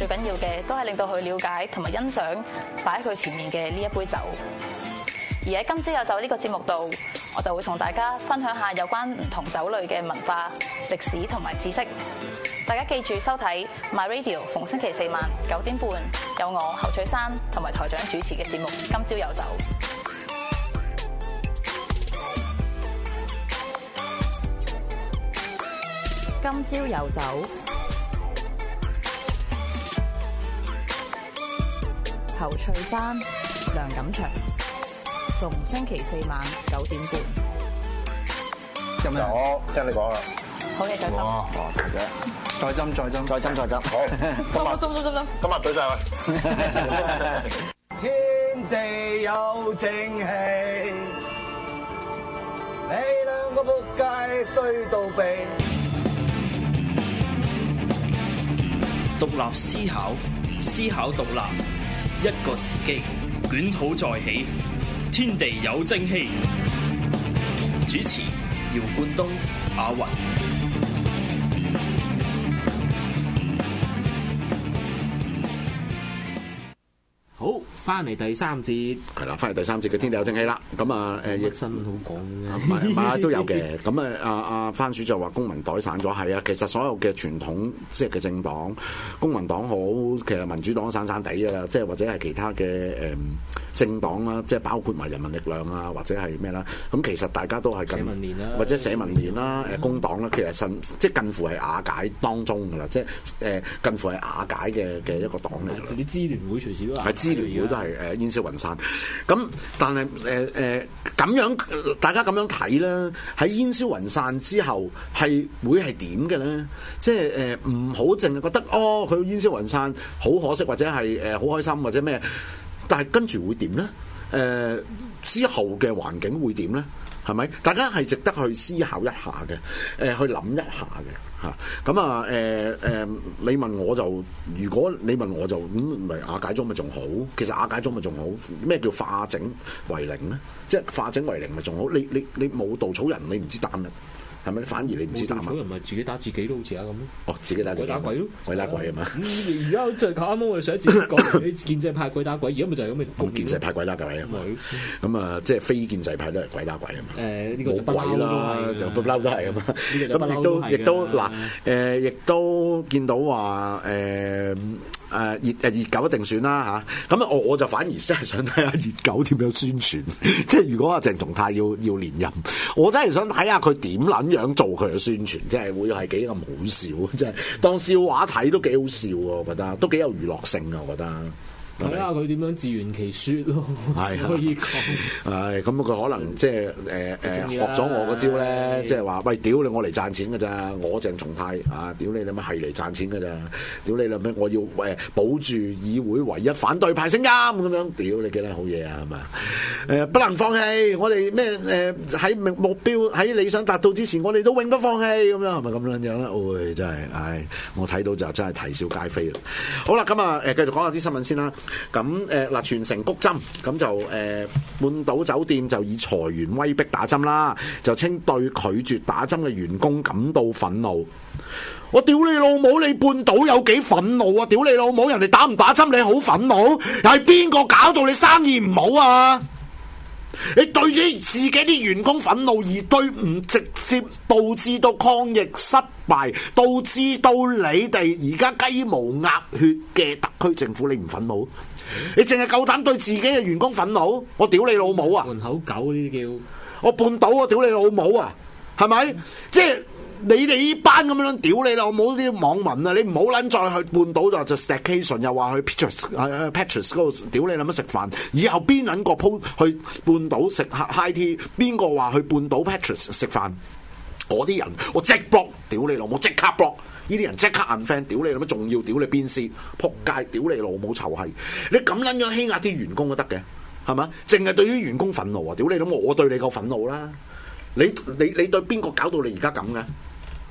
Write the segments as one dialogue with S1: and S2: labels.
S1: 最緊要嘅都係令到佢了解同埋欣賞擺喺佢前面嘅呢一杯酒。而喺今朝有酒呢個節目度，我就會同大家分享下有關唔同酒類嘅文化、歷史同埋知識。大家記住收睇 My Radio，逢星期四晚
S2: 九點半有我侯翠珊同埋台長主持嘅節目《今朝有酒》。
S1: 今朝有酒。侯翠山，梁錦祥，逢星期四晚九點半。做咩？我聽你講啦。好嘢，再斟。哇針！再斟、再斟、再斟、再斟！好，今日斟都斟咯。今日懟晒佢。 天地有正氣，你兩個仆街衰到痹！
S2: 獨立思考，思考獨立。一個時機，捲土再起，天地有正氣。主持：姚冠東、阿云。翻嚟第三節，係啦，翻 嚟樂第三節嘅天地有正
S1: 氣啦。咁啊，誒，新好講嘅，唔係 啊，都有嘅。咁啊，阿阿番薯就話公民黨散咗，係啊，其實所有嘅傳統即係嘅政黨，公民黨好，其實民主黨散散哋嘅啦，即係或者係其他嘅誒。嗯政黨啦，即係包括埋人民力量啊，或者係咩啦，咁其實大家都係近年年或者社民聯啦、誒工黨啦，其實甚即係近乎係瓦解當中噶啦，嗯、即係誒近乎係瓦解嘅嘅一個黨嚟。啲支聯會隨時都係，支聯會都係誒煙消雲散。咁在但係誒誒咁樣，大家咁樣睇啦，喺煙消雲散之後係會係點嘅咧？即係誒唔好淨係覺得哦，佢煙消雲散好可惜，或者係誒好開心，或者咩？呃但係跟住會點咧？誒、呃、之後嘅環境會點咧？係咪？大家係值得去思考一下嘅，誒、呃、去諗一下嘅嚇。咁啊誒誒、呃呃，你問我就，如果你問我就，咁唔係瓦解咗咪仲好？其實瓦解咗咪仲好。咩叫化整為零咧？即係化整為零咪仲好？你你你冇稻草人，你唔知彈啊！係咪反而你唔知打乜？有
S2: 人唔係自己打自己都好似啊。咁咯。哦，自己打自己打鬼咯，鬼打鬼係嘛。而家 就啱啱我哋自己講，你建制派鬼打鬼，而家咪就係咁嘅。咁建制派鬼打鬼啊嘛。咁啊、 嗯，
S1: 即係非建制派都係鬼打鬼啊嘛。誒、
S2: 呃，呢、這個就不嬲都係，不嬲
S1: 都係咁啊。咁啊， 嗯、都亦都嗱，誒，亦都見到話誒。呃誒、uh, 熱誒熱狗一定選啦嚇，咁、啊嗯、我我就反而真係想睇下熱狗點樣宣傳，即 係如果阿鄭松泰要要連任，我真係想睇下佢點撚樣做佢嘅宣傳，即係會係幾咁好笑，即係當笑話睇都幾好笑喎，我覺得都幾有娛樂性啊，我覺得。
S2: 睇下佢點樣自圓其説咯，可以講。
S1: 係咁佢可能即係誒誒學咗我嗰招咧，即係話喂屌你，我嚟賺錢嘅咋，我鄭松泰啊，屌你你咪係嚟賺錢嘅咋，屌你你咩，我要誒保住議會唯一反對派聲音咁樣，屌你幾多好嘢啊，係咪啊？不能放棄，我哋咩誒喺目標喺理想達到之前，我哋都永不放棄咁樣，係咪咁樣樣咧？真係，唉，我睇到就真係啼笑皆非啦。好啦，咁啊誒，繼續講下啲新聞先啦。咁誒，嗱、呃，全城谷針，咁就誒、呃，半島酒店就以裁員威逼打針啦，就稱對拒絕打針嘅員工感到憤怒。我屌你老母！你半島有幾憤怒啊？屌你老母！人哋打唔打針，你好憤怒，又係邊個搞到你生意唔好啊？你對於自己啲員工憤怒而對唔直接導致到抗疫失敗，導致到你哋而家雞毛鴨血嘅特區政府，你唔憤怒？你淨係夠膽對自己嘅員工憤怒？我屌你老母啊！門口狗呢啲叫我半島，我屌你老母啊！係咪？即係。你哋呢班咁樣屌你啦！我冇啲網民啊，你唔好捻再去半島就就 station 又話去 Petrus 誒、呃、Petrus 嗰度屌你諗食飯，以後邊捻個鋪去半島食 high tea？邊個話去半島 Petrus 食飯？嗰啲人我即 block，屌你老母即刻 block。呢啲人即刻 unfriend 屌你諗，仲要屌你邊先？仆街，屌你老母臭閪！你咁捻樣欺壓啲員工都得嘅，係咪？淨係對於員工憤怒啊！屌你老母，我對你夠憤怒啦！你你你，你對邊個搞到你而家咁嘅？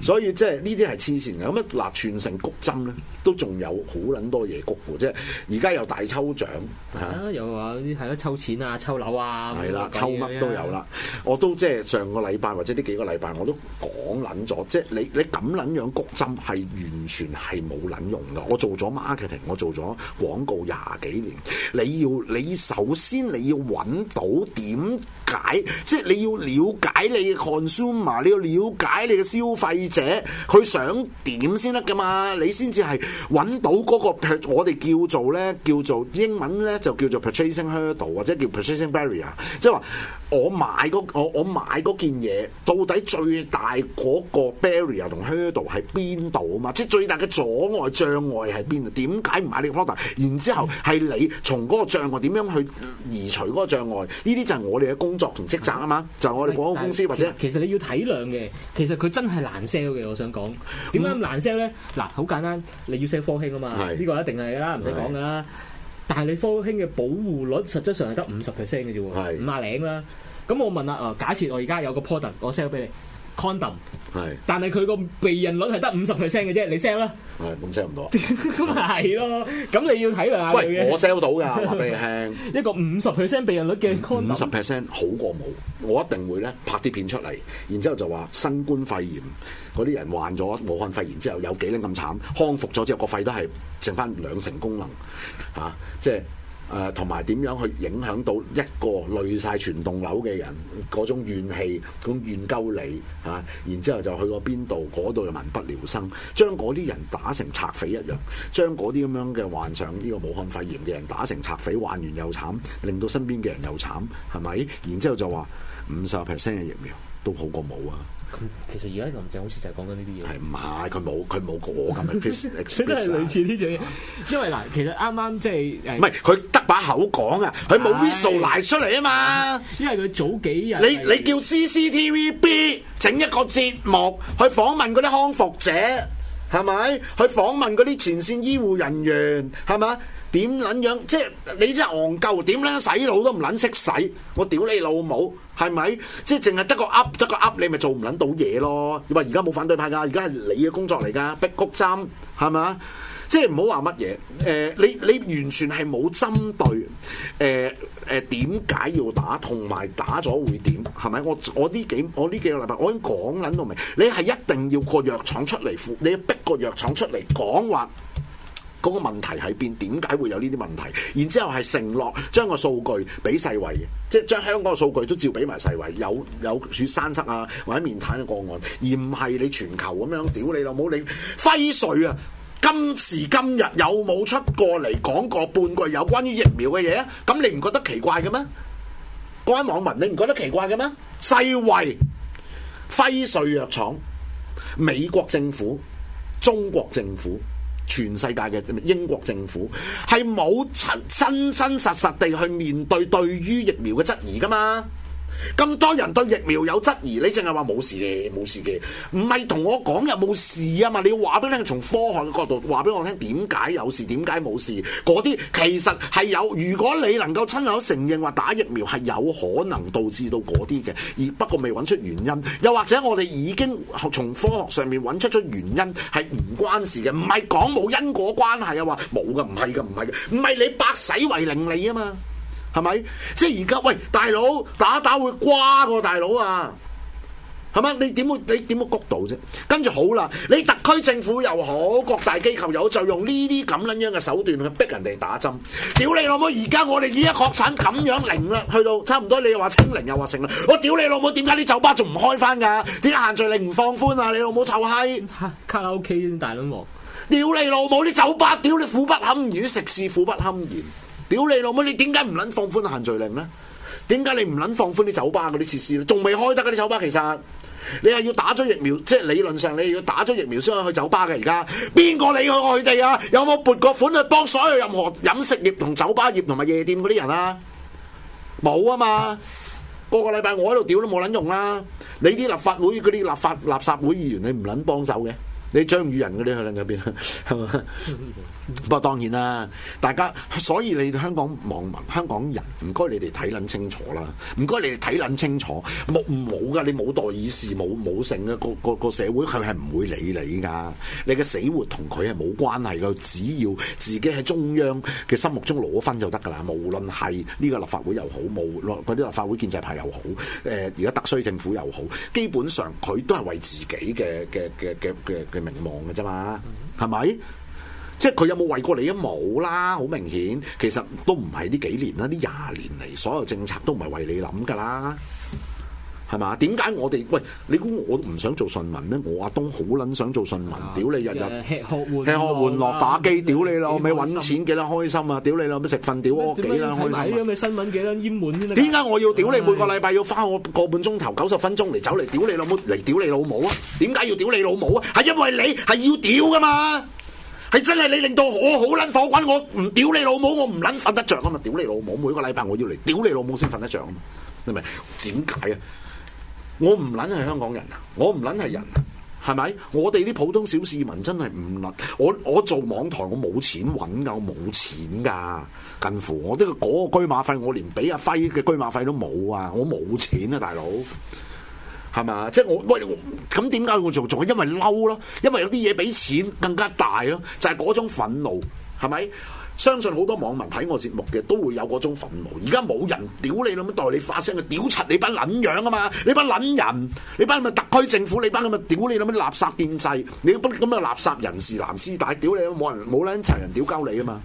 S1: 所以即係呢啲係黐線嘅，咁一嗱全城谷針咧，都仲有好撚多嘢谷喎，即係而家有大抽獎
S2: 嚇，啊啊、有話啲係咯抽錢啊、抽樓啊，係啦，抽乜都有啦。我都即係上個禮拜或者呢幾個禮拜我都
S1: 講撚咗，即係你你咁撚樣谷針係完全係冇撚用㗎。我做咗 marketing，我做咗廣告廿幾年，你要你首先你要揾到點解，即係你要了解你嘅 consumer，你要了解你嘅消費。者佢想點先得噶嘛？你先至係揾到嗰個我哋叫做咧，叫做英文咧就叫做 purchasing hurdle 或者叫 purchasing barrier，即係話我買嗰我我買件嘢，到底最大個 barrier 同 hurdle 係邊度啊嘛？即係最大嘅阻礙障礙係邊度，點解唔買呢個 product？然之後係你從個障礙點樣去移除個障礙，呢啲就係我哋嘅工作同職責啊嘛！就係我哋廣告公司，或者
S2: 其實你要體諒嘅，其實佢真係難。嘅，我想講點解咁難 sell 咧？嗱、嗯，好簡單，你要 sell 科興啊嘛，呢是個一定係噶啦，唔使講噶啦。是但係你科興嘅保護率實質上係得五十 percent 嘅啫喎，五啊零啦。咁是我問啦，啊、嗯，假設我而家有個 product，我 sell 俾你。condom 係，cond om, 是但係佢個避孕率係得五十 percent 嘅啫，你 sell 啦，係咁 sell 唔到，咁咪係咯，咁 你要體諒下，喂，我 sell 到噶，話你聽， 一個五十 percent 避孕率嘅 condom，五十
S1: percent 好過冇，我一定會咧拍啲片出嚟，然之後就話新冠肺炎嗰啲人患咗武漢肺炎之後有幾撚咁慘，康復咗之後、個肺都係剩翻兩成功能，嚇、啊，即係。誒同埋點樣去影響到一個累晒全棟樓嘅人嗰種怨氣，咁怨鳩你嚇，然之後就去過邊度，嗰度又民不聊生，將嗰啲人打成賊匪一樣，將嗰啲咁樣嘅患上呢個武漢肺炎嘅人打成賊匪，患完又慘，令到身邊嘅人又慘，係咪？然之後就話五十 percent 嘅疫苗都好過冇啊！其實而家林鄭好似就係講緊呢啲嘢，係唔係？佢冇佢冇嗰咁嘅，即係 類似呢
S2: 隻嘢。因為嗱，其實啱啱即係誒，唔係
S1: 佢得把口講啊，佢冇 visual 攋出
S2: 嚟啊嘛。因為佢早幾日，你你叫 CCTV B 整 一個節
S1: 目去訪問嗰啲康復者，係咪？去訪問嗰啲前線醫護人員，係咪？點捻樣？即係你真係戇鳩，點捻樣洗腦都唔捻識洗。我屌你老母，係咪？即係淨係得個噏得個噏你咪做唔捻到嘢咯？你話而家冇反對派噶，而家係你嘅工作嚟噶，逼谷針係咪啊？即係唔好話乜嘢？誒、呃，你你完全係冇針對。誒、呃、誒，點、呃、解要打？同埋打咗會點？係咪？我我呢幾我呢幾個禮拜我已經講捻到明。你係一定要個藥廠出嚟付，你要逼個藥廠出嚟講話。嗰個問題係邊？點解會有呢啲問題？然之後係承諾將個數據俾世衞，即係將香港嘅數據都照俾埋世衞。有有血栓塞啊，或者面癱嘅個案，而唔係你全球咁樣屌你老母你輝瑞啊！今時今日有冇出過嚟講過半句有關於疫苗嘅嘢啊？咁你唔覺得奇怪嘅咩？各位網民，你唔覺得奇怪嘅咩？世衞、輝瑞藥廠、美國政府、中國政府。全世界嘅英國政府係冇真真實實地去面對對於疫苗嘅質疑㗎嘛？咁多人對疫苗有質疑，你淨係話冇事嘅，冇事嘅，唔係同我講有冇事啊嘛？你要話俾我聽，從科學嘅角度話俾我聽，點解有事？點解冇事？嗰啲其實係有，如果你能夠親口承認話打疫苗係有可能導致到嗰啲嘅，而不過未揾出原因，又或者我哋已經從科學上面揾出咗原因係唔關事嘅，唔係講冇因果關係啊，話冇㗎，唔係㗎，唔係㗎，唔係你白死為零你啊嘛？係咪？即係而家喂，大佬打打會瓜個大佬啊，係咪？你點會你點會谷到啫？跟住好啦，你特區政府又好，各大機構又好，就用呢啲咁撚樣嘅手段去逼人哋打針。屌你老母！而家我哋依家確診咁樣零啦，去到差唔多，你又話清零又話成啦。我屌你老母！點解啲酒吧仲唔開翻噶？點解限聚令唔放寬啊？你老母臭閪！卡拉 OK 大撚鑊，屌你老母！啲酒吧屌你苦不堪言，食肆苦不堪言。屌你老母！你點解唔捻放寬限聚令咧？點解你唔捻放寬啲酒吧嗰啲設施咧？仲未開得嗰啲酒吧，其實你係要打咗疫苗，即係理論上你要打咗疫苗先可以去酒吧嘅。而家邊個理佢哋啊？有冇撥個款去幫所有任何飲食業同酒吧業同埋夜店嗰啲人啊？冇啊嘛！個個禮拜我喺度屌都冇撚用啦，啊！你啲立法會嗰啲立法垃圾會議員，你唔捻幫手嘅。你張宇人嗰啲去撚邊 不過當然啦，大家所以你香港網民、香港人唔該你哋睇撚清楚啦，唔該你哋睇撚清楚，冇冇噶，你冇代議士、冇冇剩嘅個個個社會，佢係唔會理你㗎。你嘅死活同佢係冇關係嘅，只要自己喺中央嘅心目中攞咗分就得㗎啦。無論係呢個立法會又好，冇嗰啲立法會建制派又好，誒而家特區政府又好，基本上佢都係為自己嘅嘅嘅嘅嘅。名望嘅啫嘛，係咪？即係佢有冇為過你？都冇啦，好明顯。其實都唔係呢幾年啦，呢廿年嚟，所有政策都唔係為你諗噶啦。係嘛？點解我哋喂？你估我唔想做順民咩？我阿東好撚想做順民，屌你日日吃
S2: 喝玩吃喝玩樂打
S1: 機，屌你囉！咪揾錢幾得開心啊？屌你啦！咪食瞓，屌我屋企啦！
S2: 開心啊！點解我要屌你每個禮
S1: 拜要花我個半鐘頭九十分鐘嚟走嚟屌你老母嚟屌你老母啊？點解要屌你老母啊？係因為你係要屌噶嘛？係真係你令到我好撚火滾，我唔屌你老母，我唔撚瞓得着啊嘛！屌你老母，每個禮拜我要嚟屌你老母先瞓得着啊嘛！你明？點解啊？我唔撚係香港人啊！我唔撚係人啊！係咪？我哋啲普通小市民真係唔撚我。我做網台我冇錢揾噶，我冇錢噶。近乎我啲個嗰個車馬費，我連俾阿輝嘅車馬費都冇啊！我冇錢啊，大佬。係咪啊？即係我喂咁點解我做做？因為嬲咯，因為有啲嘢俾錢更加大咯，就係、是、嗰種憤怒，係咪？相信好多網民睇我節目嘅，都會有嗰種憤怒。而家冇人屌你撚樣，代你發聲嘅屌柒你班撚樣啊嘛！你班撚人，你班咁嘅特區政府，你班咁嘅屌你撚樣垃圾建制，你班咁嘅垃圾人士藍絲帶屌你，冇人冇撚齊人屌鳩你啊嘛！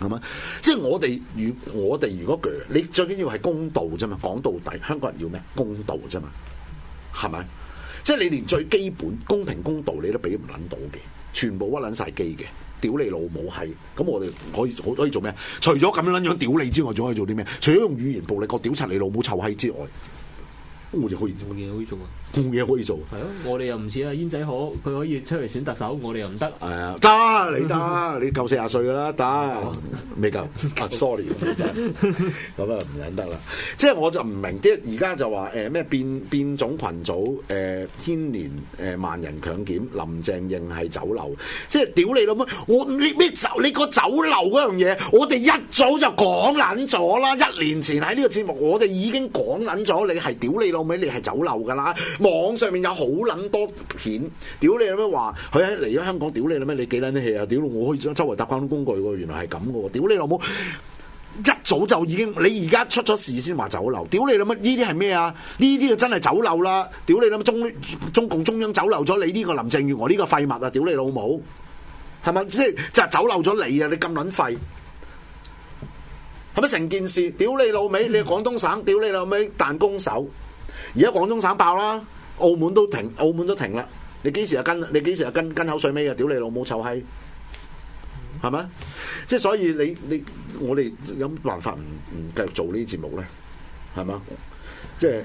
S1: 係咪？即係我哋如我哋如果你最緊要係公道啫嘛！講到底，香港人要咩？公道啫嘛，係咪？即係你連最基本公平公道你都俾唔撚到嘅，全部屈撚晒機嘅。屌你老母係，咁我哋可以好可以做咩？除咗咁樣樣屌你之外，仲可以做啲咩？除咗用語言暴力個屌柒你老母臭閪之外。我哋可以，我嘢可以做啊！冇嘢可以做。係咯、
S2: 啊，我哋又唔似啊，煙仔可，佢可以出嚟選特首，我哋又唔得。係
S1: 啊，得你得，你夠四十歲噶啦，得未夠？啊 夠，sorry，真係咁啊，唔忍得啦！即係我就唔明即啲，而家就話誒咩變變種群組誒，千、呃、年誒、呃、萬人強檢，林鄭應係酒樓，即係屌你老母！我你咩酒你個酒樓嗰樣嘢，我哋一早就講捻咗啦！一年前喺呢個節目，我哋已經講捻咗，你係屌你老！後尾你係走漏噶啦，網上面有好撚多片，屌你老尾話，佢喺嚟咗香港，屌你諗乜，你幾撚啲戲啊？屌，我可以周圍搭交通工具噶，原來係咁噶喎！屌你老母，一早就已經，你而家出咗事先話走漏，屌你老尾？呢啲係咩啊？呢啲就真係走漏啦！屌你老尾，中中共中央走漏咗你呢個林鄭月娥呢個廢物啊！屌你老母，係咪？即係就係走漏咗你啊！你咁撚廢，係咪成件事？屌你老尾，你係廣東省，屌你老尾彈弓手。而家廣東省爆啦，澳門都停，澳門都停啦。你幾時又跟？你幾時又跟？跟口水尾嘅，屌你老母臭閪，係咪？即係所以你你我哋有咩辦法唔唔繼續做呢啲節目咧？係嘛？即係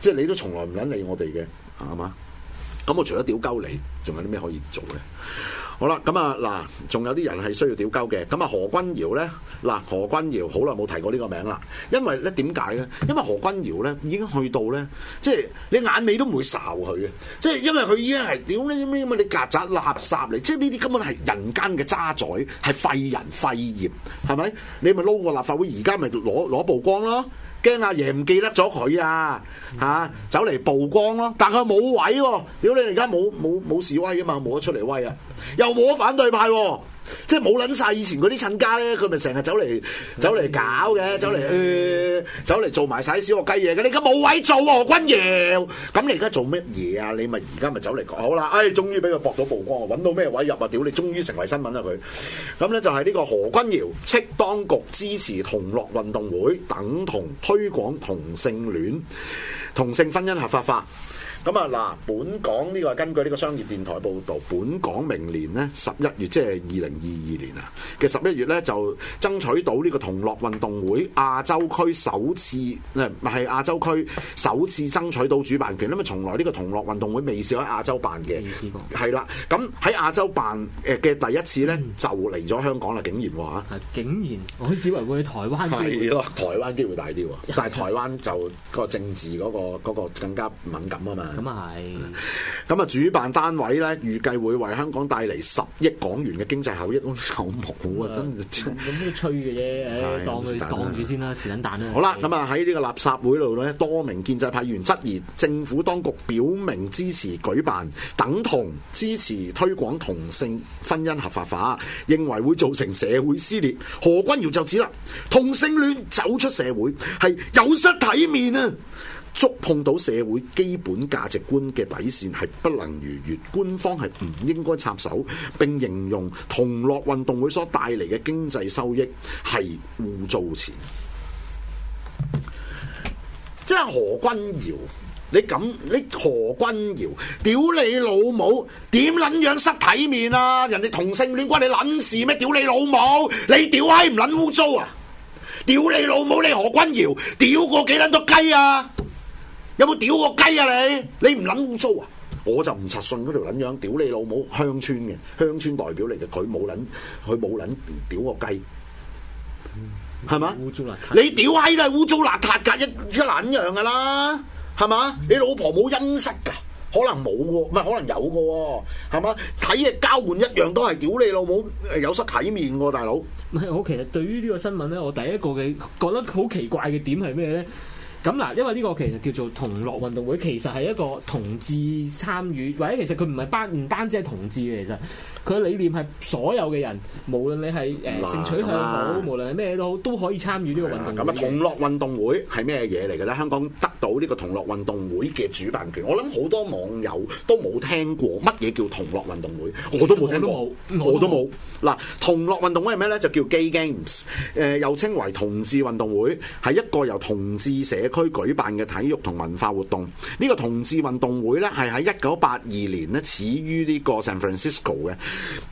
S1: 即係你都從來唔肯理我哋嘅係嘛？咁我除咗屌鳩你，仲有啲咩可以做咧？好啦，咁啊嗱，仲有啲人係需要屌鳩嘅，咁啊何君堯咧嗱，何君堯好耐冇提過呢個名啦，因為咧點解咧？因為何君堯咧已經去到咧，即係你眼尾都唔會睄佢嘅，即係因為佢已經係屌呢啲咩嘛，你曱甴垃圾嚟，即係呢啲根本係人間嘅渣滓，係廢人廢業，係咪？你咪撈個立法會，而家咪攞攞曝光囉！驚阿、啊、爺唔記得咗佢啊！嚇、啊、走嚟曝光咯，但佢冇位喎、啊。屌你，而家冇冇冇示威啊嘛，冇得出嚟威啊，又冇咗反對派喎、啊。即係冇捻晒以前嗰啲親家咧，佢咪成日走嚟走嚟搞嘅，走嚟誒走嚟、呃、做埋晒小學雞嘢嘅，你而家冇位做何君堯，咁你而家做乜嘢啊？你咪而家咪走嚟講好啦！唉，終於俾佢博到曝光，揾到咩位入啊？屌你，終於成為新聞啦、啊、佢！咁咧就係呢個何君堯斥當局支持同樂運動會等同推廣同性戀，同性婚姻合法化。咁啊嗱，本港呢個根據呢個商業電台報道，本港明年呢十一月，即係二零二二年啊嘅十一月呢，就爭取到呢個同樂運動會亞洲區首次，係亞洲區首次爭取到主辦權。因為，從來呢個同樂運動會未試過喺亞洲辦嘅，未試過。係啦，咁喺亞洲辦誒嘅第一次呢，就嚟咗香港啦，竟然話竟然，我以為會喺台灣。係台灣機會大啲喎，但係台灣就嗰個政治嗰、嗰個嗰個更加敏感啊嘛。咁啊係，咁啊、 嗯嗯嗯、主辦單位咧預計會為香港帶嚟十億港元嘅經濟效益，都好
S2: 冇啊！真係咁咩吹嘅嘢。唉、嗯，是當住當住先啦，是卵蛋啦！嗯、好啦，
S1: 咁啊喺呢個垃圾會度咧，多名建制派議員質疑政府當局表明支持舉辦，等同支持推廣同性婚姻合法化，認為會造成社會撕裂。何君堯就指啦，同性戀走出社會係有失體面啊！觸碰到社會基本價值觀嘅底線係不能逾越，官方係唔應該插手，並形容同樂運動會所帶嚟嘅經濟收益係污糟錢。即係 何君堯，你咁你何君堯，屌你老母，點捻樣，樣失體面啊？人哋同性戀關你捻事咩？屌你老母，你屌閪唔捻污糟啊？屌你老母，你何君堯屌過幾捻多雞啊？有冇屌我雞啊你？你唔撚污糟啊？我就唔實信嗰條撚樣屌你老母鄉村嘅鄉村代表嚟嘅，佢冇撚佢冇撚屌我雞，係嘛？你屌閪都係污糟邋遢噶，一一撚樣噶啦，係嘛？嗯、你老婆冇恩濕噶？可能冇喎，唔係可能有噶喎，係嘛？睇嘢交換一樣都係屌你老母，有失
S2: 體面喎，大佬。我其實對於呢個新聞咧，我第一個嘅覺得好奇怪嘅點係咩咧？咁嗱，因為呢個其實叫做同樂運動會，其實係一個同志參與，或者其實佢唔係單唔單止係同志嘅，其實。佢理念係所有嘅人，無論你係誒性取向好，啊、無論係咩都好，都可以參與呢個運動，啊。咁啊，同樂
S1: 運動會係咩嘢嚟嘅咧？香港得到呢個同樂運動會嘅主辦權，我諗好多網友都冇聽過乜嘢叫同樂運動會，其實 我都冇聽過，樂我都冇。嗱，同樂運動會係咩咧？就叫 Gay Games，誒、呃、又稱為同志運動會，係一個由同志社區舉辦嘅體育同文化活動。呢、這個同志運動會咧，係喺一九八二年咧始於呢個 San Francisco 嘅。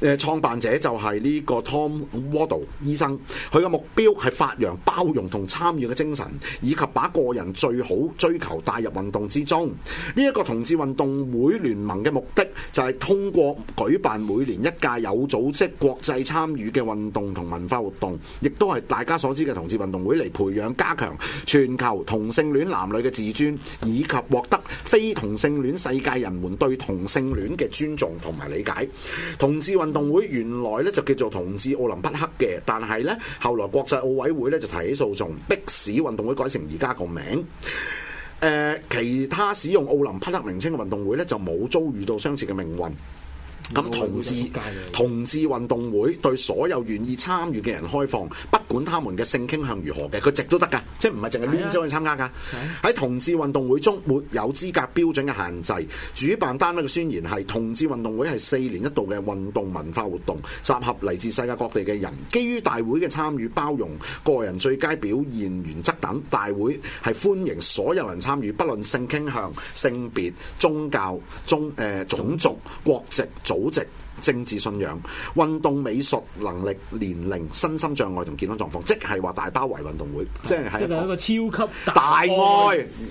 S1: 誒，創辦者就係呢個 Tom Wardle 醫生，佢嘅目標係發揚包容同參與嘅精神，以及把個人最好追求帶入運動之中。呢一個同志運動會聯盟嘅目的就係通過舉辦每年一屆有組織、國際參與嘅運動同文化活動，亦都係大家所知嘅同志運動會嚟培養、加強全球同性戀男女嘅自尊，以及獲得非同性戀世界人們對同性戀嘅尊重同埋理解。同志運動會原來咧就叫做同志奧林匹克嘅，但係咧後來國際奧委會咧就提起訴訟，迫使運動會改成而家個名。誒、呃，其他使用奧林匹克名稱嘅運動會咧就冇遭遇到相似嘅命運。咁同志
S2: 界，
S1: 同志運動會對所有願意參與嘅人開放，不管他們嘅性傾向如何嘅，佢值都得噶，即係唔係淨係攣去參加㗎？喺、啊、同志運動會中沒有資格標準嘅限制，啊、主辦單位嘅宣言係同志運動會係四年一度嘅運動文化活動，集合嚟自世界各地嘅人，基於大會嘅參與包容、個人最佳表現原則等，大會係歡迎所有人參與，不論性傾向、性別、宗教、宗誒、呃、種族、國籍種保值。政治信仰、運動美術能力、年齡、身心障礙同健康狀況，即係話大包圍運動會，啊、即係係一,
S2: 一個超級大愛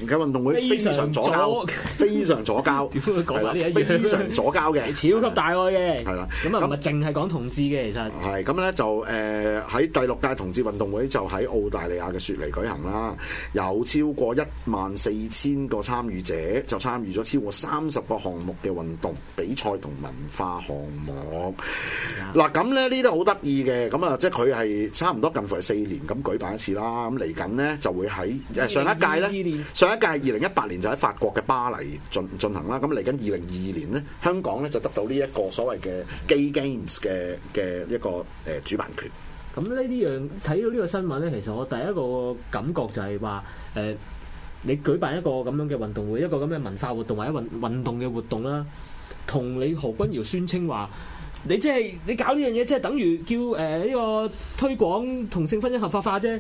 S1: 嘅運動會，非常左膠，非常左膠，係啦，非常左膠嘅， 超級大愛嘅，係啦、啊，咁啊
S2: 唔係淨係講同志嘅，其實
S1: 係咁咧就誒喺、呃、第六屆同志運動會就喺澳大利亞嘅雪梨舉行啦，有超過一萬四千個參與者就參與咗超過三十個項目嘅運動比賽同文化項目。冇嗱咁咧，呢啲好得意嘅咁啊，即係佢係差唔多近乎係四年咁舉辦一次啦。咁嚟緊咧就會喺誒上一屆咧，上一屆二零一八年就喺法國嘅巴黎進進行啦。咁嚟緊二零二二年咧，香港咧就得到呢一個所謂嘅 Gay Games 嘅嘅一個誒主辦權。
S2: 咁呢啲樣睇到呢個新聞咧，其實我第一個感覺就係話誒，你舉辦一個咁樣嘅運動會，一個咁嘅文化活動或者運運動嘅活動啦。同你何君堯宣稱話，你即係你搞呢樣嘢，即係等於叫誒呢個推廣同性婚姻合法化啫。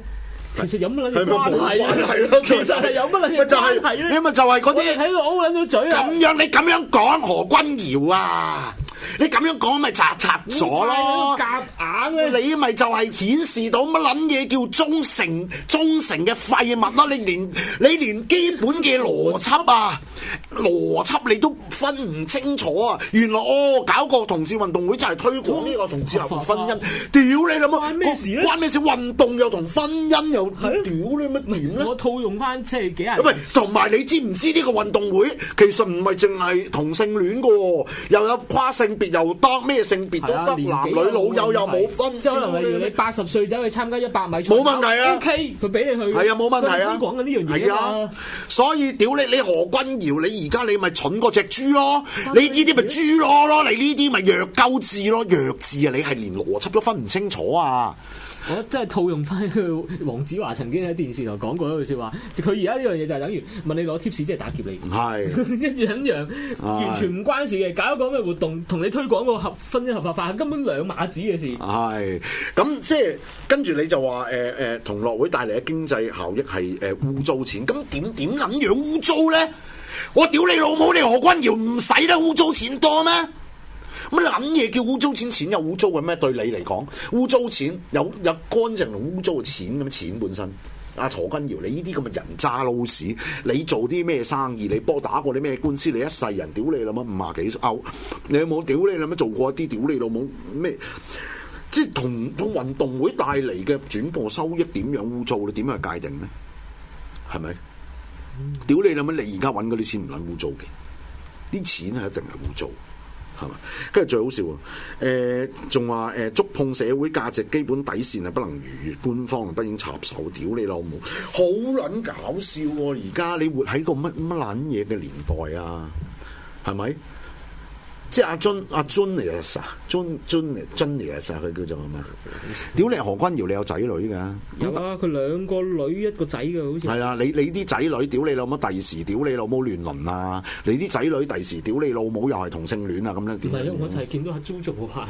S2: 其實有乜嘅關係咧？係咯，其實係有乜嘅？就係，你咪就係嗰啲喺度好撚到嘴啊！咁樣你咁樣
S1: 講何君堯啊？你咁樣講咪拆拆咗咯？夾硬咧！你咪、啊、就係顯示到乜撚嘢叫忠誠？忠誠嘅廢物啦、啊！你連你連基本嘅邏輯啊，邏輯你都分唔清楚啊！原來哦，搞個同志運動會就係推廣呢個同志同婚姻？屌你老母！關咩事咧？關咩事？運動又同婚姻又屌你乜點咧？我套用翻前幾年。唔係，同埋你知唔知呢個運動會其實唔係淨係同性戀噶，又有跨性。性別又當咩性別都得，男，啊，女老友又冇分。周文慧你
S2: 八十歲走去參加一百米，冇問題啊！OK 佢俾你去，係啊冇問題啊。講緊呢樣嘢係啊，所以屌你你何君堯，你而家你咪蠢過隻豬，啊，豬咯！你呢啲咪豬咯咯，你呢啲咪弱鳩智咯，弱智啊！你係連邏輯都分唔清楚啊！我真係套用翻佢黃子華曾經喺電視台講過一句説話，佢而家呢樣嘢就係等於問你攞 tips，即係打劫你。係是 一揾樣完全唔關事嘅，是搞一個咩活動，同你推廣個合婚姻合法化，根本兩碼子嘅事。係
S1: 咁，即係跟住你就話誒誒，同樂會帶嚟嘅經濟效益係誒污糟錢，咁點點諗樣污糟咧？我屌你老母，你何君堯唔使得污糟錢多咩？乜諗嘢叫污糟錢？錢有污糟嘅咩？對你嚟講，污糟錢有有乾淨同污糟嘅錢咁，錢本身。阿、啊、何君堯，你呢啲咁嘅人渣撈屎，你做啲咩生意？你幫我打過啲咩官司？你一世人屌你啦，乜五廿幾歐？你有冇屌你啦，乜做過一啲屌你老母咩？即係同個運動會帶嚟嘅轉播收益點樣污糟？你點樣界定呢？係咪？屌你啦，乜你而家揾嗰啲錢唔撚污糟嘅，啲錢係一定係污糟。係嘛？跟住最好笑啊！誒仲話誒觸碰社會價值基本底線啊，不能逾越，官方不應插手，屌你老母！好撚搞笑喎、啊！而家你活喺個乜乜撚嘢嘅年代啊？係咪？即係阿 Jun 阿 Jenness 啊，Junius 佢叫做係咪？屌你何君堯，你有仔女噶？有
S2: 啊，佢兩個女一個仔嘅，好似係
S1: 啊！你你啲仔女，屌你老母！第二時，屌你老母亂倫啊！你啲仔女第二時，屌你老母又係同性戀啊！咁樣點啊？我就
S2: 見到阿 Jo 做下，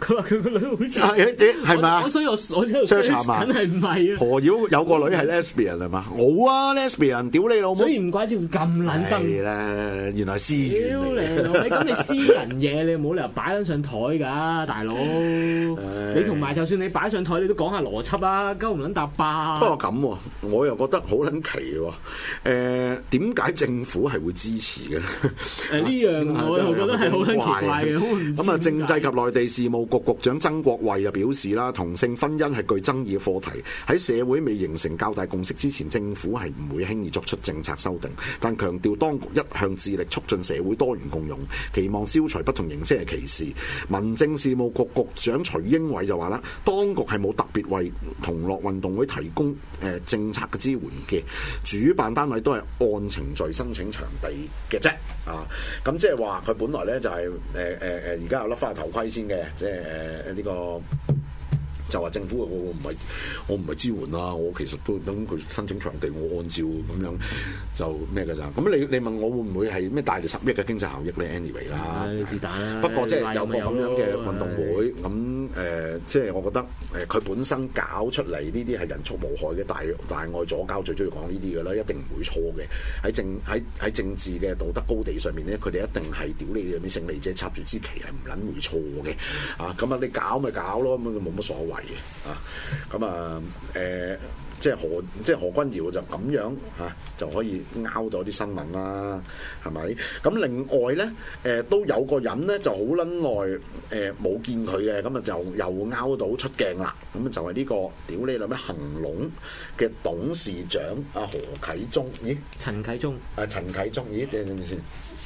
S2: 佢話佢個女好似係咪啊？所以我我喺度 search 緊係唔係啊？何
S1: 妖有個女係 Lesbian 係嘛？冇啊 Lesbian，屌你老母！所以唔怪之咁撚憎咧，原來私
S2: 咁你私人嘢你冇理由擺得上台噶、啊，大佬。你同埋就算你擺上台，你都講下邏輯啊，鳩唔撚搭八。不過咁、啊，我又
S1: 覺得好撚奇嘅、啊。誒、呃，點解政府係會支持嘅？誒、啊，呢、這、樣、個、我又覺得係好撚奇怪嘅。咁啊，政制及內地事務局局長曾國衛又表示啦，同性婚姻係具爭議嘅課題，喺社會未形成較大共識之前，政府係唔會輕易作出政策修訂。但強調當局一向致力促進社會多元共融。期望消除不同形式嘅歧視。民政事務局局長徐英偉就話啦，當局係冇特別為同樂運動會提供誒、呃、政策嘅支援嘅，主辦單位都係按程序申請場地嘅啫。啊，咁即係話，佢、就是、本來咧就係誒誒誒而家有甩翻頭盔先嘅，即係誒呢個。就話政府我我唔係我唔係支援啦，我其實都等佢申請場地，我按照咁樣就咩㗎咋？咁你你問我會唔會係咩大力十億嘅經濟效益咧？anyway 啦、啊，不過即係、哎、有個咁樣嘅運動會，咁誒的、呃、即係我覺得誒佢、呃、本身搞出嚟呢啲係人畜無害嘅，大大愛左膠最中意講呢啲嘅啦，一定唔會錯嘅。喺政喺喺政治嘅道德高地上面咧，佢哋一定係屌你哋，啲勝利者插住支旗係唔撚會錯嘅啊！咁啊，你搞咪搞咯，咁冇乜所謂。 啊，咁、嗯、啊，誒、呃，即係何，即係何君堯就咁樣嚇、啊，就可以勾到啲新聞啦，係咪？咁另外咧，誒、呃、都有個人咧，就好撚耐誒冇見佢嘅，咁啊就又勾到出鏡、這個、啦。咁就係呢個屌你啦咩恆隆嘅董事長阿何啟宗，咦？陳啟宗？啊、呃、陳啟宗？咦？點點先？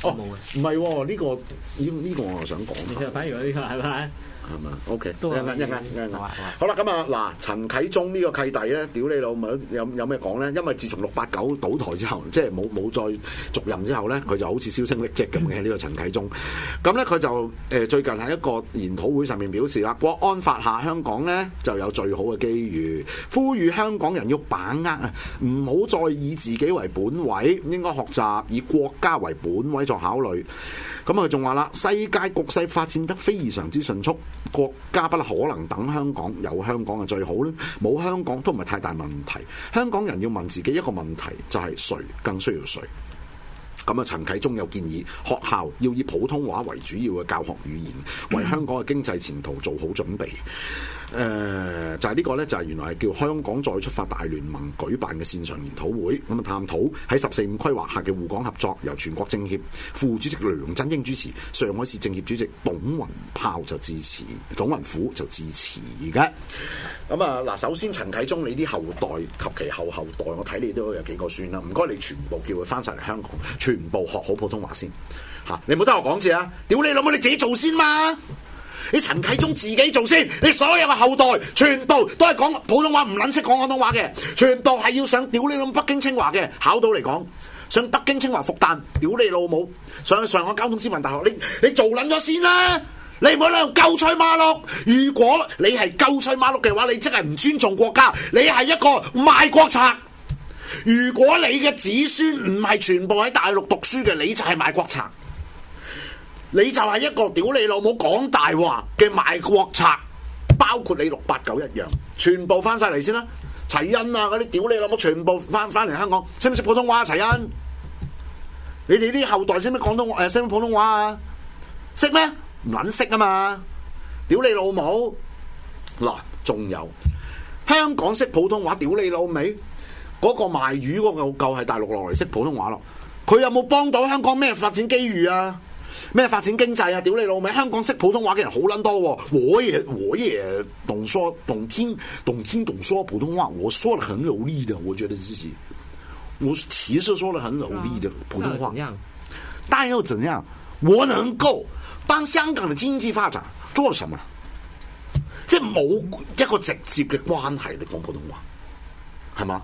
S1: 哦，冇啊！唔係喎，呢、這個呢呢、這個這個我係想講反
S2: 而呢個係咪？係嘛？O K，都
S1: 啱啱啱好啦吧，咁啊，嗱、呃，陳啟宗個呢個契弟咧，屌你老母，有有咩講咧？因為自從六八九倒台之後，即係冇冇再續任之後咧，佢就好似銷聲匿跡咁嘅呢個陳啟宗。咁咧，佢就誒、呃、最近喺一個研討會上面表示啦，國安法下香港咧就有最好嘅機遇，呼籲香港人要把握啊，唔好再以自己為本位，應該學習以國家為本位作考慮。咁佢仲話啦，世界局勢發展得非常之迅速，國家不可能等香港，有香港嘅最好咧，冇香港都唔係太大問題。香港人要問自己一個問題，就係、是、誰更需要誰。咁啊，陳啟宗又建議，學校要以普通話為主要嘅教學語言，為香港嘅經濟前途做好準備。誒、呃，就係、是、呢個呢就係、是、原來係叫香港再出發大聯盟舉辦嘅線上研討會，咁啊探討喺十四五規劃下嘅滬港合作。由全國政協副主席梁振英主持，上海市政協主席董雲豹就致辭，董雲虎就致辭嘅。咁啊，嗱，首先陳啟宗你啲後代及其後後代，我睇你都有幾個孫啦，唔該你全部叫佢翻晒嚟香港，全部學好普通話先吓、啊，你冇得我講字啊！屌你老母，你自己做先嘛！你陳啟宗自己做先，你所有嘅後代全部都係講普通話，唔撚識講廣東話嘅，全部係要想屌你咁北京清華嘅，考到嚟講想北京清華、復旦，屌你老母，上去上海交通師範大學，你你做撚咗先啦！你唔好喺度鳩吹馬六，如果你係鳩吹馬六嘅話，你即係唔尊重國家，你係一個賣國賊。如果你嘅子孫唔係全部喺大陸讀書嘅，你就係賣國賊。你就係一個屌你老母講大話嘅賣國賊，包括你六八九一樣，全部翻晒嚟先啦！齊恩啊，嗰啲屌你老母，全部翻翻嚟香港，識唔識普通話啊？齊恩，你哋啲後代識唔識廣東誒識普通話啊？識咩？唔撚識啊嘛！屌你老母嗱，仲有香港識普通話，屌你老味！嗰、嗰個賣魚嗰個夠係大陸落嚟識普通話咯，佢有冇幫到香港咩發展機遇啊？咩發展經濟啊？屌你老味！香港識普通話嘅人好撚多，哦，我也，我也懂，懂說懂聽同聽同說普通話，我說的很流利的，我覺得自己我其實說得很努力的很流利的普通話，又樣但又怎樣？我能夠幫香港嘅經濟發展做了什麼？即係冇一個直接嘅關係嚟講普通話，係嘛？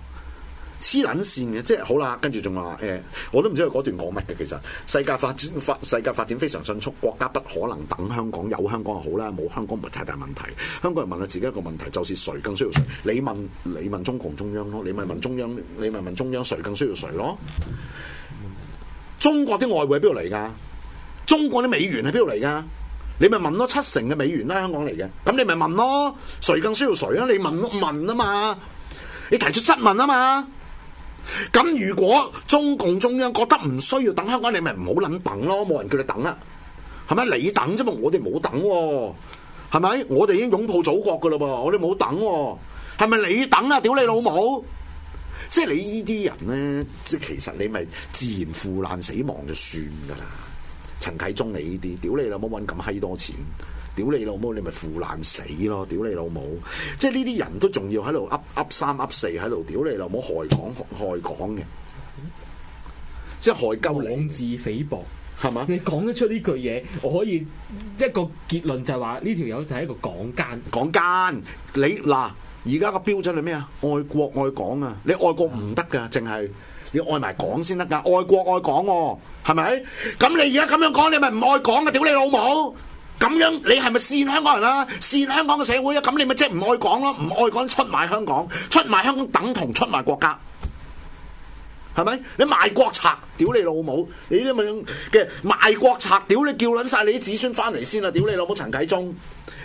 S1: 黐撚線嘅，即係好啦，跟住仲話誒，我都唔知佢嗰段講乜嘅。其實世界發展發，世界發展非常迅速，國家不可能等香港，有香港又好啦，冇香港唔係太大問題。香港人問下自己一個問題，就是誰更需要誰？你問你問中共中央咯，你咪問中央，你咪問中央，中央誰更需要誰咯？中國啲外匯喺邊度嚟噶？中國啲美元喺邊度嚟噶？你咪問咯，七成嘅美元都係香港嚟嘅，咁你咪問咯，誰更需要誰啊？你問問啊嘛，你提出質問啊嘛。咁如果中共中央覺得唔需要等香港，你咪唔好撚等咯，冇人叫你等啦，係咪？你等啫嘛，我哋冇好等，係咪？我哋已經擁抱祖國噶咯噃，我哋冇好等，係咪？你等啊，屌你老母！即係你呢啲人咧，即係其實你咪自然腐爛死亡就算噶啦。陳啟宗你呢啲，屌你老母搵咁閪多錢。屌你老母，你咪腐爛死咯！屌你老母，即係呢啲人都仲要喺度噏噏三噏四喺度，屌你老母，害港
S2: 害港嘅，即係害鳩嗎你。妄自菲薄係嘛？你講得出呢句嘢，我可以一個結論就係話呢條友就係一個港奸港奸。你嗱，而家個標準係咩啊？
S1: 愛國愛港啊！
S2: 你愛國唔得
S1: 噶，淨係你愛埋港先得噶。愛國愛港喎、啊，係咪？咁你而家咁樣講，你咪唔愛港嘅、啊？屌你老母！咁樣你係咪煽香港人啦、啊？煽香港嘅社會啊！咁你咪即係唔愛港咯，唔愛港出賣香港，出賣香港等同出賣國家。係咪？你賣國賊，屌你老母！你啲咁嘅賣國賊，屌你叫捻晒你啲子孫翻嚟先啦！屌你老母陳啟宗，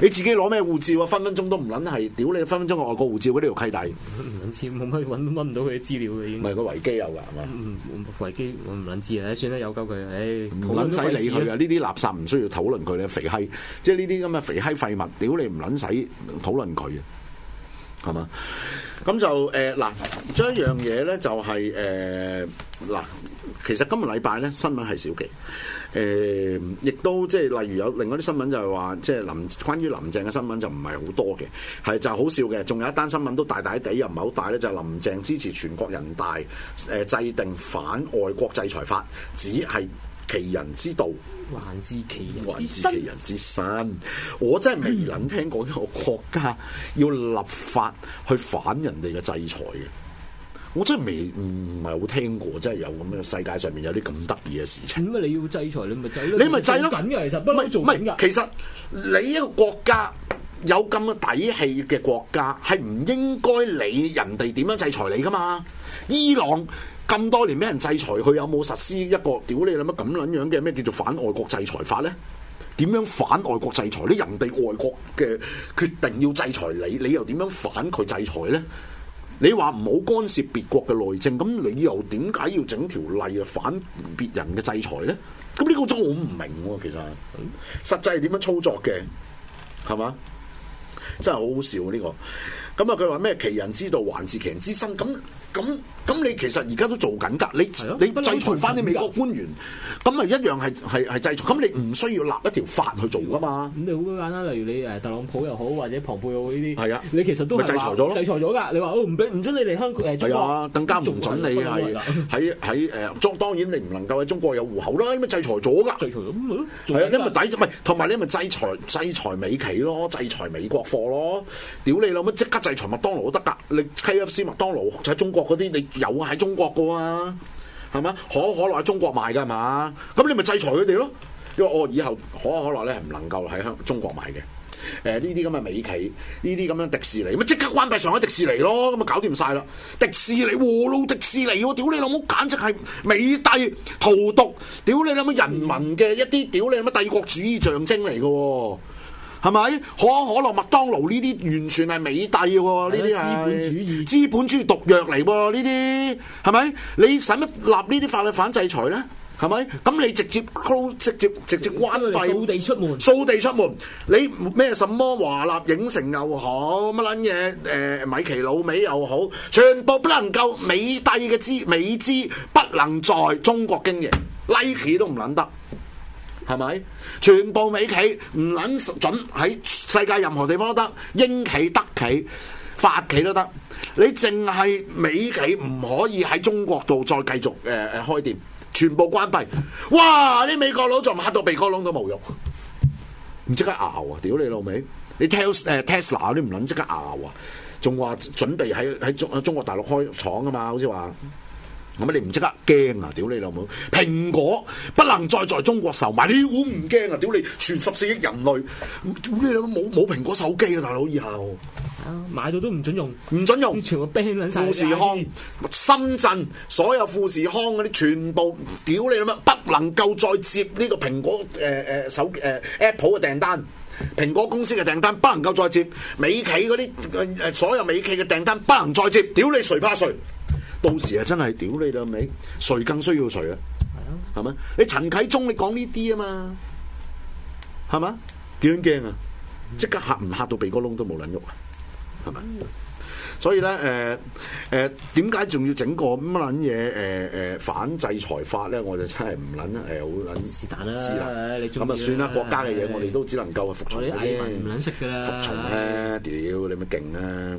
S1: 你自己攞咩護照啊？分分鐘都唔捻係，屌你分分鐘外國護照俾你條契弟。
S2: 唔捻知，冇乜搵，搵唔到佢資料嘅已經。唔係個維基有噶係嘛？嗯，維基我唔捻知啊，算啦，有救佢，唉，唔捻使理佢啊！呢
S1: 啲垃圾唔需要討論佢咧，肥閪，即係呢啲咁嘅肥閪廢物，屌你唔捻使討論佢啊，係嘛？咁就誒嗱，將、呃、一樣嘢咧就係誒嗱，其實今日禮拜咧新聞係少嘅，誒、呃、亦都即係例如有另外啲新聞就係話，即、就、係、是、林關於林鄭嘅新聞就唔係好多嘅，係就係好笑嘅，仲有一單新聞都大大哋又唔係好大咧，就係、是、林鄭支持全國人大誒、呃、制定反外國制裁法，只係。其人之道，還治其人之身。我真係未能聽過一個國家要立法去反人哋嘅制裁嘅。我真係未唔係好聽過，真係，就係有咁嘅世界上面有啲咁得意嘅事情。咁啊，你要制裁你咪制，你咪制咯。咁嘅其實，唔係唔係，其實你一個國家有咁嘅底氣嘅國家，係唔應該理人哋點樣制裁你噶嘛，伊朗。咁多年俾人制裁佢有冇實施一個屌你諗乜，咁撚樣嘅咩叫做反外國制裁法咧？點樣反外國制裁？你人哋外國嘅決定要制裁你，你又點樣反佢制裁咧？你話唔好干涉別國嘅內政，咁你又點解要整條例啊反別人嘅制裁咧？咁呢個真我都好唔明，啊，其實、嗯、實際係點樣操作嘅？係嘛，真係好好笑呢，啊這個。咁啊！佢話咩？其人之道，還治其人之身。咁咁咁，你其實而家都做緊㗎。你
S2: 你制裁翻啲美國
S1: 官員，咁咪一樣係係係制裁。咁你唔需要立一條法去做㗎嘛？咁
S2: 你好簡單。例如你誒特朗普又好，或者蓬佩奧呢啲，係啊，你其實都制裁咗咯，制裁咗㗎。你話唔俾唔準你嚟香港，係啊，更加唔准你係
S1: 喺喺誒中。當然你唔能夠喺中國有戶口啦，咁啊制裁咗㗎。制裁咁係啊，你咪抵唔同埋你咪制裁制裁美企咯，制裁美國貨咯，屌你老母即刻！制裁麥當勞都得噶，你 K F C 麥當勞就喺中國嗰啲，你有喺中國噶嘛、啊？係嘛？可可樂喺中國賣㗎嘛？咁你咪制裁佢哋咯，因為我、哦、以後可可樂咧係唔能夠喺香中國賣嘅。誒呢啲咁嘅美企，呢啲咁樣迪士尼，咪即刻關閉上海迪士尼咯？咁啊搞掂晒啦！迪士尼，和路迪士尼，屌你老母，簡直係美帝荼毒，屌你老母人民嘅一啲，屌你老母帝國主義象徵嚟㗎喎！係咪可口可樂、麥當勞呢啲完全係美帝喎？呢啲係資本主義資本主義毒藥嚟喎？呢啲係咪？你使乜立呢啲法律反制裁咧？係咪？咁你直接 close 直接直接關閉掃地出門掃地出門，你咩什麼華納影城又好乜撚嘢？誒米奇老美又好，全部不能夠美帝嘅資美資不能在中國經營，Nike 都唔撚得。係咪？全部美企唔捻准喺世界任何地方都得，英企、德企、法企都得。你淨係美企唔可以喺中國度再繼續誒誒、呃呃、開店，全部關閉。哇！啲美國佬仲嚇到鼻哥窿都冇用，唔即刻熬啊！屌你老味！你 Tel,、呃、Tesla 你唔捻即刻熬啊？仲話準備喺喺中中國大陸開廠啊嘛？好似話。咁啊！你唔即刻驚啊！屌你老母！蘋果不能再在中國售賣，你估唔驚啊！屌你！全十四億人類，屌你老母冇冇蘋果手機啊！大佬以後，買到都唔準用，唔準用。全部 ban 撚曬。富士康、深圳所有富士康嗰啲全部，屌你老母，不能夠再接呢個蘋果誒誒、呃、手誒、呃、Apple 嘅訂單，蘋果公司嘅訂單不能夠再接，美企嗰啲誒所有美企嘅訂單不能再接，屌你誰怕誰？ 到時啊，真係屌你啦，咪誰更需要誰是啊，啊？係啊，係咪？你陳啟宗，你講呢啲啊嘛，係咪？點樣驚啊？即刻吓唔吓到鼻哥窿都冇撚喐啊？係咪？所以咧，誒、呃、誒，點解仲要整個乜撚嘢？誒、呃、誒，反制裁法咧，我就真係唔撚誒，好撚是但啦，咁啊算啦，國家嘅嘢我哋都只能夠服從，唔撚食噶啦，服從咧，屌的你咪勁啦！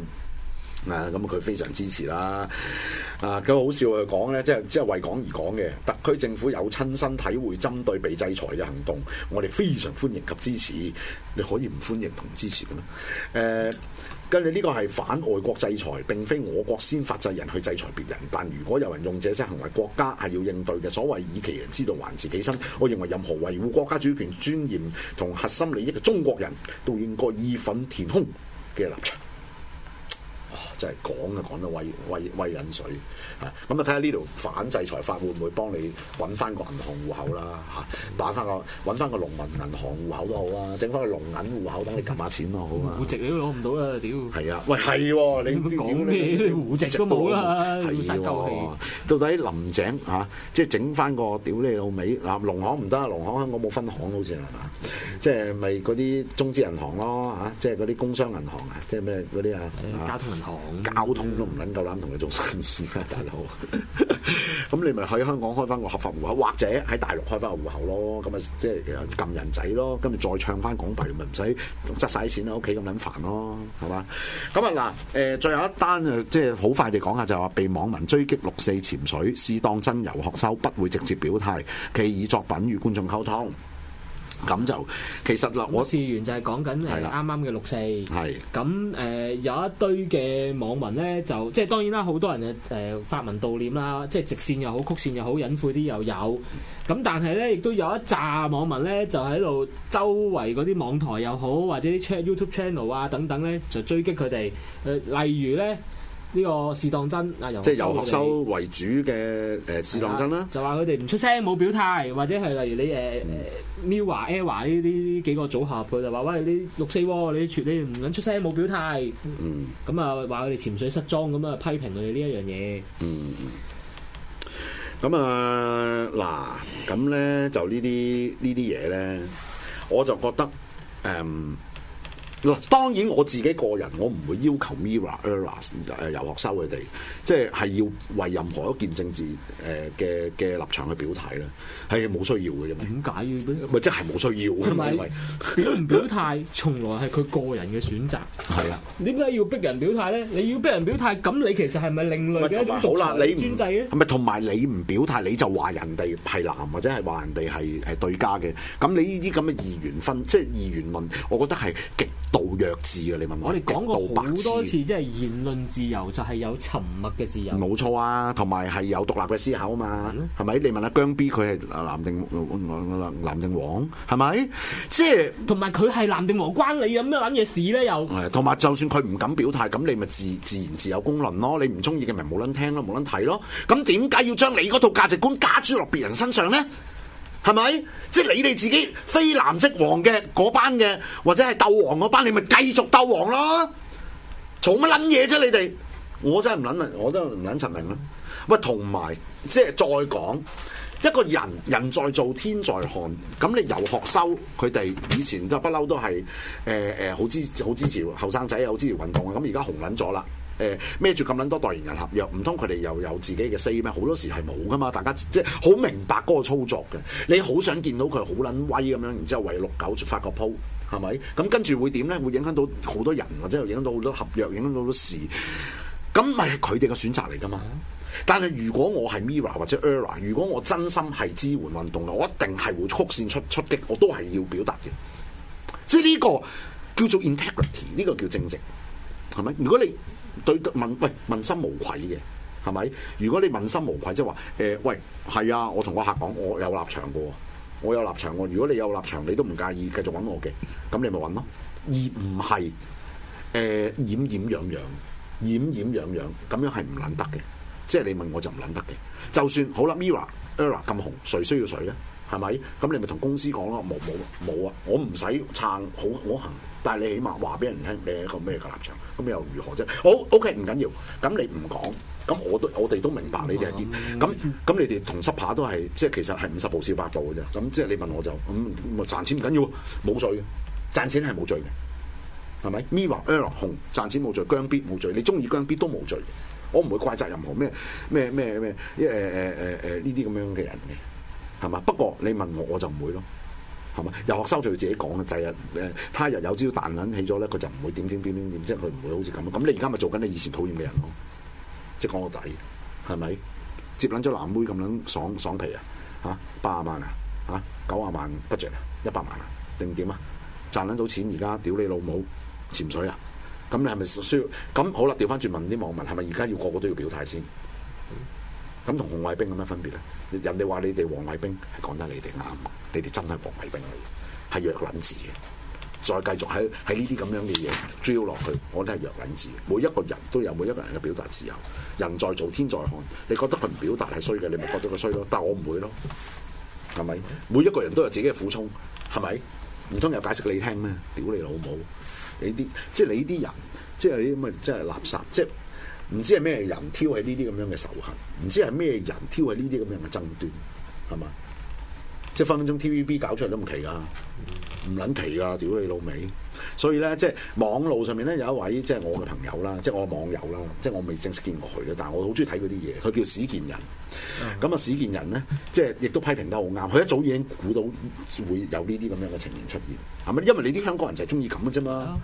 S1: 啊！咁佢非常支持啦。啊，咁好笑佢講呢，即係即係為港而講嘅。特區政府有親身體會，針對被制裁嘅行動，我哋非常歡迎及支持。你可以唔歡迎同支持嘅咩？誒、啊，跟你呢個係反外國制裁，並非我國先發制人去制裁別人。但如果有人用這些行為，國家係要應對嘅。所謂以其人之道還治己身，我認為任何維護國家主權、尊嚴同核心利益嘅中國人，都應該義憤填膺嘅立場。就係講就講到喂喂喂引水、嗯，啊咁啊睇下呢度反制裁法會唔會幫你揾翻個銀行戶口啦嚇，揾翻個揾翻個農民銀行戶口都好啊，整翻個農銀戶口等你撳下錢咯好啊，戶 籍
S2: 你都攞唔到啊，屌！係啊，喂係喎，你講咩戶籍都冇啦，係
S1: 到底林鄭嚇、啊，即係整翻個屌你老味。嗱，農行唔得啊，農行香港冇分行好似係咪即係咪嗰啲中資銀行咯嚇，即係嗰啲工商銀行啊，即係咩嗰啲啊？交通銀行。就是嗯、交通都唔撚夠膽同佢做生意大佬！咁 你咪喺香港開翻個合法戶口，或者喺大陸開翻個戶口咯。咁咪即係撳人仔咯，跟住再唱翻港幣，咪唔使執晒錢喺屋企咁撚煩咯，係嘛？咁啊嗱，誒、呃、最後一單誒，即係好快地講下，就話、是、被網民追擊六四潛水，試當真游學修不會直接表態，其以作品與觀眾溝通。
S2: 咁就其實啦，我試完就係講緊誒啱啱嘅六四，咁誒、呃、有一堆嘅網民咧，就即係當然啦，好多人嘅誒發文悼念啦，即係直線又好，曲線又好，隱晦啲又有。咁但係咧，亦都有一扎網民咧，就喺度周圍嗰啲網台又好，或者啲 YouTube channel 啊等等咧，就追擊佢哋。誒、呃，例如咧。呢個試當真啊！即係遊學修為
S1: 主嘅誒，呃、試當真啦。嗯、
S2: 就話佢哋唔出聲，冇表態，或者係例如你誒 MIRROR、ERROR 呢啲幾個組合，佢就話喂，64，你六四，你你唔肯出聲，冇表態。嗯，咁啊，話佢哋潛水失蹤，咁啊批評佢哋呢一樣嘢。嗯
S1: 咁、嗯、啊嗱，咁咧就， 就呢啲呢啲嘢咧，我就覺得誒。嗯嗱，當然我自己個人，我唔會要求 MIRROR、ERROR 誒游學修佢哋，即係係要為任何一件政治誒嘅嘅立場去表態咧，係、哎、冇需要嘅啫。點解要？
S2: 即係冇需要。係咪表唔表態，從來係佢個人嘅選擇。係啊 吧。點解要逼人表態咧？你要逼人表態，咁你其實係咪另類嘅一種獨裁專制咧、嗯？
S1: 係咪同埋你唔表態，你就話人哋係男或者係話人哋係係對家嘅？咁你呢啲咁嘅二元分，即係二元論,論，我覺得係極。杜弱智啊！你問我，我哋講過好多次，
S2: 即係言論自由就係有沉默嘅自由。
S1: 冇 錯啊，同埋係有獨立嘅思考啊嘛。係咪、嗯？你問阿姜 B，佢係藍定藍定黃，係咪？即係同埋佢係藍定黃，關你咁樣撚嘢事咧？又係同埋，就算佢唔敢表態，咁你咪自自然自有公論咯。你唔中意嘅，咪冇撚聽咯，冇撚睇咯。咁點解要將你嗰套價值觀加諸落別人身上咧？係咪？即係你哋自己非藍即黃嘅嗰班嘅，或者係鬥王嗰班，你咪繼續鬥王咯？做乜捻嘢啫？你哋我真係唔捻啊！我都唔捻陳明啦。喂，同埋即係再講一個人人在做天在看，咁你游學修佢哋以前就不嬲都係誒誒，好支好支持後生仔，好支持運動啊！咁而家紅捻咗啦。誒孭住咁撚多代言人合約，唔通佢哋又有自己嘅 say 咩？好多時係冇噶嘛，大家即係好明白嗰個操作嘅。你好想見到佢好撚威咁樣，然之後為六九發個 po 係咪？咁跟住會點咧？會影響到好多人，或者又影響到好多合約，影響到好多事。咁咪佢哋嘅選擇嚟㗎嘛？但係如果我係 Mirror 或者 Error，如果我真心係支援運動嘅，我一定係會曲線出出擊，我都係要表達嘅。即係呢個叫做 integrity，呢個叫正直，係咪？如果你對問，喂，問心無愧嘅係咪？如果你問心無愧，即係話誒，喂係啊，我同個客講，我有立場嘅喎，我有立場喎。如果你有立場，你都唔介意繼續揾我嘅，咁你咪揾咯。而唔係誒掩掩養養掩掩養養，咁、呃、樣係唔撚得嘅。即係你問我就唔撚得嘅。就算好啦，Mirror Era 咁紅，誰需要誰咧？係咪？咁你咪同公司講咯，冇冇冇啊！我唔使撐，好我行。但係你起碼話俾人聽，你係一個咩嘅立場？咁又如何啫？好 OK，唔緊要。咁你唔講，咁我都我哋都明白你哋係啲。咁咁、嗯、你哋同執牌都係即係其實係五十步笑百步嘅啫。咁即係你問我就咁賺錢唔緊要，冇罪嘅。賺錢係冇罪嘅，係咪？MIRROR 紅賺錢冇罪，薑 B 冇罪，罪。你中意姜 B 都冇罪。我唔會怪責任何咩咩咩咩誒誒誒誒呢啲咁樣嘅人嘅。係嘛？不過你問我我就唔會咯，係嘛？有學生就要自己講嘅。第日誒、呃，他日有朝彈撚起咗咧，佢就唔會點點點點點，即係佢唔會好似咁。咁你而家咪做緊你以前討厭嘅人咯？即係講到底，係咪？接撚咗藍妹咁撚爽爽皮啊？嚇、啊，八啊萬啊，嚇九啊萬 budget 啊，一百萬、啊、萬啊，定點啊？賺撚到錢而家屌你老母潛水啊？咁你係咪需要？咁好啦，調翻轉問啲網民，係咪而家要個個都要表態先？咁同紅衞兵有咩分別咧？人哋話你哋黃衞兵係講得你哋啱，你哋真係黃衞兵嚟嘅，係弱撚字嘅。再繼續喺喺呢啲咁樣嘅嘢追落去，我哋係弱撚字。每一個人都有每一個人嘅表達自由。人在做天在看，你覺得佢唔表達係衰嘅，你咪覺得佢衰咯。但係我唔會咯，係咪？每一個人都有自己嘅苦衷，係咪？唔通又解釋你聽咩？屌你老母！你啲即係你啲人，即係你咁咪真係垃圾，即係。唔知係咩人挑起呢啲咁樣嘅仇恨，唔知係咩人挑起呢啲咁樣嘅爭端，係嘛？即係分分鐘 TVB 搞出嚟都唔奇噶、啊，唔撚奇噶、啊，屌你老味。所以咧，即係網路上面咧有一位即係我嘅朋友啦，即係我嘅網友啦，即係我未正式見過佢咧，但係我好中意睇佢啲嘢。佢叫史建仁，咁啊、嗯、史建仁咧，即係亦都批評得好啱。佢一早已經估到會有呢啲咁樣嘅情形出現，係咪？因為你啲香港人就係中意咁嘅啫嘛。嗯。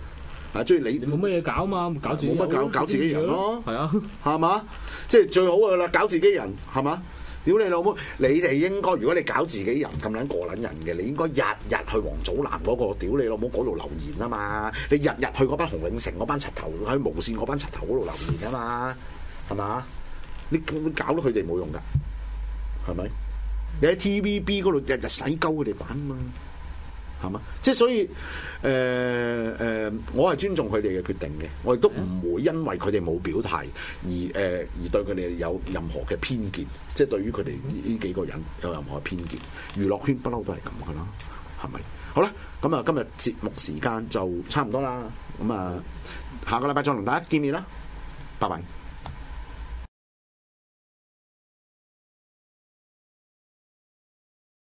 S1: 係中意你，你冇乜嘢搞嘛？搞自己，冇乜搞，搞自己人咯。係啊，係嘛？即係最好嘅啦，搞自己人，係嘛？屌你老母！你哋應該，如果你搞自己人咁撚過撚人嘅，你應該日日去王祖藍嗰個屌你老母嗰度留言啊嘛！你日日去嗰班洪永城嗰班柒頭喺無線嗰班柒頭嗰度留言啊嘛？係嘛？你搞到佢哋冇用㗎，係咪？你喺 TVB 嗰度日日洗鳩佢哋玩嘛？係嘛？即係所以，誒、呃、誒、呃，我係尊重佢哋嘅決定嘅，我亦都唔會因為佢哋冇表態而誒、呃、而對佢哋有任何嘅偏見，即係對於佢哋呢幾個人有任何嘅偏見。娛樂圈不嬲都係咁噶啦，係咪？好啦，咁、嗯、啊，今日節目時間就差唔多啦，咁、嗯、
S2: 啊，下個禮拜再同大家見面啦，拜拜。